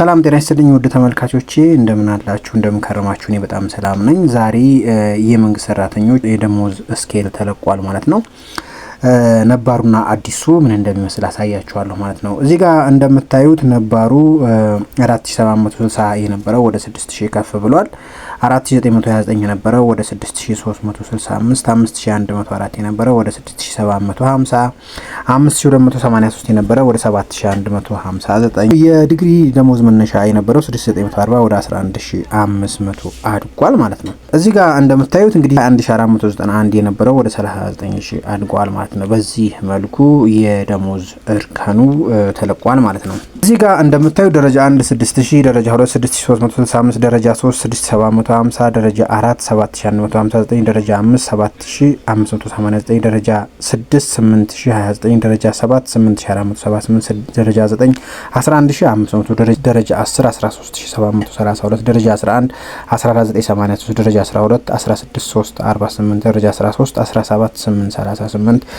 ሰላም ጤና ይስጥልኝ ውድ ተመልካቾቼ እንደምን አላችሁ? እንደምን ከረማችሁ? እኔ በጣም ሰላም ነኝ። ዛሬ የመንግስት ሰራተኞች የደሞዝ ስኬል ተለቋል ማለት ነው። ነባሩና አዲሱ ምን እንደሚመስል አሳያችኋለሁ ማለት ነው። እዚህ ጋር እንደምታዩት ነባሩ 4760 የነበረው ወደ 6000 ከፍ ብሏል። 4929 የነበረው ወደ 6365፣ 5104 የነበረው ወደ 6750፣ 5283 የነበረው ወደ 7159። የዲግሪ ደሞዝ መነሻ የነበረው 6940 ወደ 11500 አድጓል ማለት ነው። እዚህ ጋር እንደምታዩት እንግዲህ 1491 የነበረው ወደ 39000 አድጓል ማለት ነው። ማለት ነው። በዚህ መልኩ የደሞዝ እርከኑ ተለቋል ማለት ነው። እዚህ ጋር እንደምታዩ ደረጃ 1 6000፣ ደረጃ 2 6365፣ ደረጃ 3 6750፣ ደረጃ 4 7159፣ ደረጃ 5 7589፣ ደረጃ 6 8029፣ ደረጃ 7 8478፣ ደረጃ 9 11500፣ ደረጃ 10 13732፣ ደረጃ 11 14983፣ ደረጃ 12 16348፣ ደረጃ 13 17838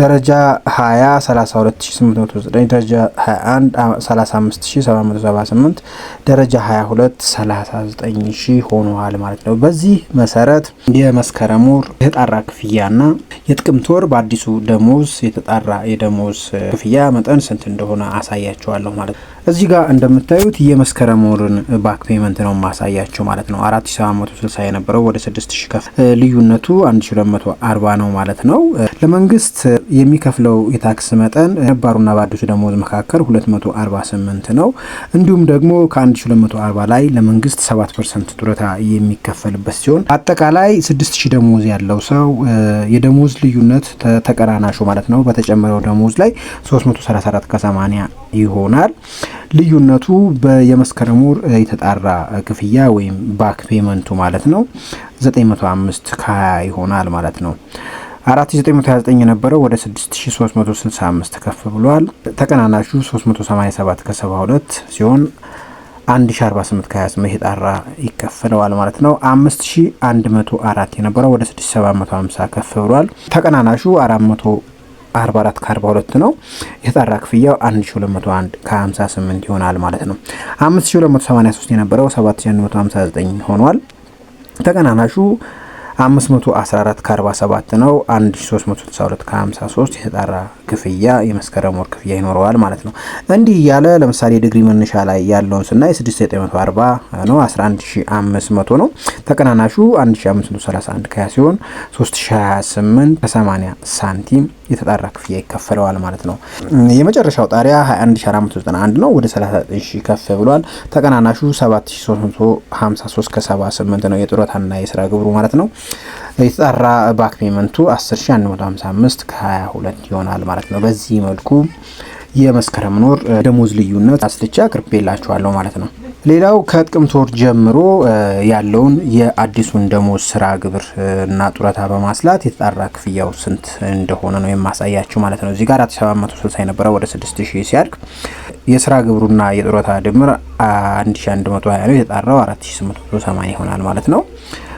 ደረጃ 20 32809 ደረጃ 21 35778 ደረጃ 22 39000 ሆኗል ማለት ነው። በዚህ መሰረት የመስከረም ወር የተጣራ ክፍያና የጥቅምት ወር በአዲሱ ደሞዝ የተጣራ የደሞዝ ክፍያ መጠን ስንት እንደሆነ አሳያቸዋለሁ ማለት ነው። እዚህ ጋር እንደምታዩት የመስከረም ወርን ባክ ፔመንት ነው ማሳያቸው ማለት ነው። 4760 የነበረው ወደ 6000 ከፍ ልዩነቱ 1240 ነው ማለት ነው ለመንግስት የሚከፍለው የታክስ መጠን ነባሩና በአዲሱ ደሞዝ መካከል 248 ነው። እንዲሁም ደግሞ ከ1240 ላይ ለመንግስት 7 ፐርሰንት ጡረታ የሚከፈልበት ሲሆን አጠቃላይ 6000 ደሞዝ ያለው ሰው የደሞዝ ልዩነት ተቀናናሹ ማለት ነው በተጨመረው ደሞዝ ላይ 334 ከ80 ይሆናል። ልዩነቱ የመስከረም ወር የተጣራ ክፍያ ወይም ባክ ፔመንቱ ማለት ነው 905 ከ20 ይሆናል ማለት ነው። 4929 የነበረው ወደ 6365 ከፍ ብሏል። ተቀናናሹ 387 ከ72 ሲሆን 1048 ከ28 ጣራ ይከፈለዋል ማለት ነው። 5104 የነበረው ወደ 6750 ከፍ ብሏል። ተቀናናሹ 44 ከ42 ነው። የጣራ ክፍያው 1201 ከ58 ይሆናል ማለት ነው። 5283 የነበረው 7159 ሆኗል። ተቀናናሹ 514 ከ47 ነው። 1392 ከ53 የተጣራ ክፍያ የመስከረም ወር ክፍያ ይኖረዋል ማለት ነው። እንዲህ እያለ ለምሳሌ ዲግሪ መነሻ ላይ ያለውን ስናይ 6940 ነው፣ 11500 ነው። ተቀናናሹ 1531 ከያ ሲሆን 3028 ከ80 ሳንቲም የተጣራ ክፍያ ይከፈለዋል ማለት ነው። የመጨረሻው ጣሪያ 21491 ነው፣ ወደ 39000 ከፍ ብሏል። ተቀናናሹ 7353 ከ78 ነው የጡረታና የስራ ግብሩ ማለት ነው። የተጣራ ባክ ፔመንቱ 10155 ከ22 ይሆናል ማለት ነው። በዚህ መልኩ የመስከረም ወር ደሞዝ ልዩነት አስልቻ ቅርቤላችኋለሁ ማለት ነው። ሌላው ከጥቅምት ወር ጀምሮ ያለውን የአዲሱን ደሞዝ ስራ ግብር እና ጡረታ በማስላት የተጣራ ክፍያው ስንት እንደሆነ ነው የማሳያችሁ ማለት ነው። እዚህ ጋር 4760 የነበረ ወደ 6000 ሲያድግ የስራ ግብሩና የጡረታ ድምር 1120 ነው። የተጣራው 4880 ይሆናል ማለት ነው።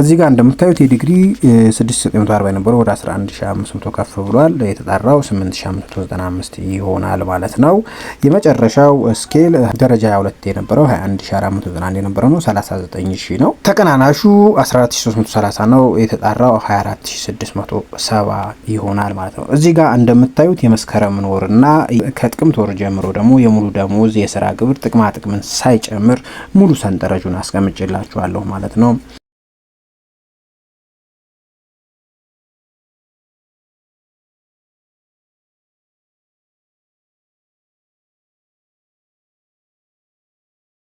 እዚህ ጋር እንደምታዩት የዲግሪ 6940 የነበረው ወደ 11500 ከፍ ብሏል። የተጣራው 8595 ይሆናል ማለት ነው። የመጨረሻው ስኬል ደረጃ 22 የነበረው 21491 የነበረው ነው 39000 ነው። ተቀናናሹ 14330 ነው። የተጣራው 24670 ይሆናል ማለት ነው። እዚህ ጋር እንደምታዩት የመስከረም ወርና ከጥቅምት ወር ጀምሮ ደግሞ የሙሉ ደሞዝ፣ የስራ ግብር፣ ጥቅማ ጥቅምን ሳይጨምር ሙሉ ሰንጠረጁን አስቀምጭላችኋለሁ ማለት ነው።